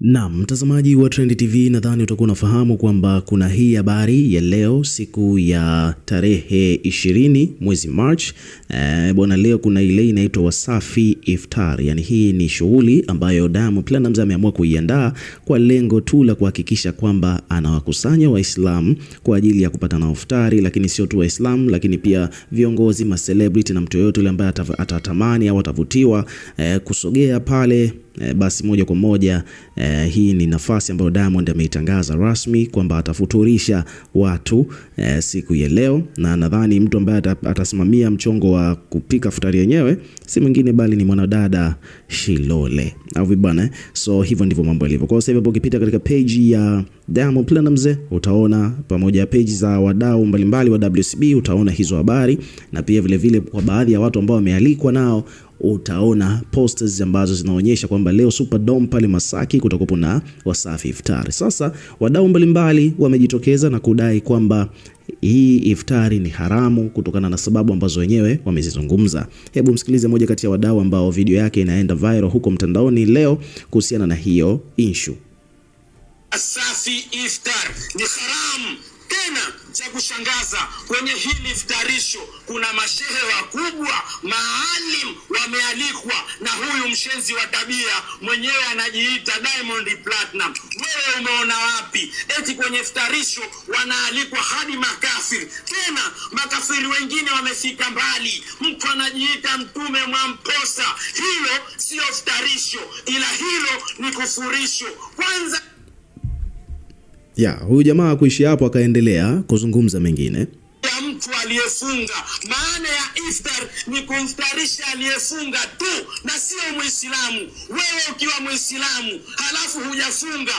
Na mtazamaji wa Trend TV, nadhani utakuwa unafahamu kwamba kuna hii habari ya leo siku ya tarehe 20 mwezi March. E, bwana leo kuna ile inaitwa Wasafi Iftar, yani hii ni shughuli ambayo Diamond Platnumz ameamua kuiandaa kwa lengo tu la kuhakikisha kwamba anawakusanya Waislamu kwa ajili ya kupata naoftari lakini sio tu Waislamu, lakini pia viongozi, ma na mtu yoyote yule ambaye atatamani au atavutiwa e, kusogea pale e, basi moja kwa moja e, hii ni nafasi ambayo Diamond ameitangaza rasmi kwamba atafuturisha watu e, siku ya leo, na nadhani mtu ambaye atasimamia mchongo wa kupika futari yenyewe si mwingine bali ni mwanadada Shilole au vibana. So hivyo ndivyo mambo yalivyo kwa sasa hivi. Hapo ukipita katika page ya Diamond Platnumz utaona pamoja page za wadau mbalimbali wa WCB utaona hizo habari, na pia vile vile kwa baadhi ya watu ambao wamealikwa nao utaona posters ambazo zinaonyesha kwamba leo Superdome pale Masaki kutakuwa na Wasafi Iftari. Sasa wadau mbalimbali wamejitokeza na kudai kwamba hii iftari ni haramu kutokana na sababu ambazo wenyewe wamezizungumza. Hebu msikilize moja kati ya wadau ambao video yake inaenda viral huko mtandaoni leo kuhusiana na hiyo issue. Asafi iftar ni haramu tena cha kushangaza kwenye hili iftarisho kuna mashehe wakubwa maalim wamealikwa, na huyu mshenzi wa tabia mwenyewe anajiita Diamond Platinum. Wewe umeona wapi? Eti kwenye iftarisho wanaalikwa hadi makafiri, tena makafiri wengine wamefika mbali, mtu anajiita mtume Mwamposa. Hilo sio iftarisho, ila hilo ni kufurisho kwanza. Ya, huyu jamaa kuishi hapo akaendelea kuzungumza mengine mtu aliyefunga. Maana ya iftar ni kumftarisha aliyefunga tu na sio Muislamu. Wewe ukiwa Muislamu halafu hujafunga,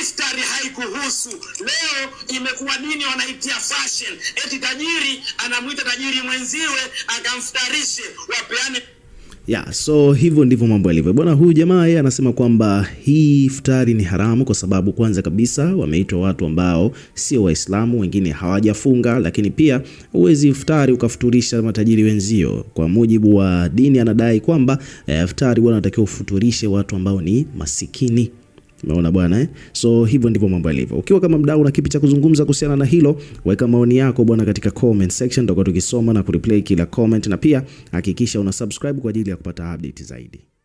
iftari haikuhusu. Leo imekuwa nini wanaitia fashion, eti tajiri anamwita tajiri mwenziwe akamfutarishe wapeane Yeah, so hivyo ndivyo mambo yalivyo bwana. Huyu jamaa yeye anasema kwamba hii iftari ni haramu kwa sababu kwanza kabisa wameitwa watu ambao sio Waislamu, wengine hawajafunga, lakini pia huwezi iftari ukafuturisha matajiri wenzio. Kwa mujibu wa dini, anadai kwamba eh, iftari bwana, anatakiwa ufuturishe watu ambao ni masikini. Umeona bwana eh? So hivyo ndivyo mambo yalivyo. Ukiwa kama mdau na kipi cha kuzungumza kuhusiana na hilo, weka maoni yako bwana katika comment section, tutakuwa tukisoma na kureplay kila comment, na pia hakikisha una subscribe kwa ajili ya kupata update zaidi.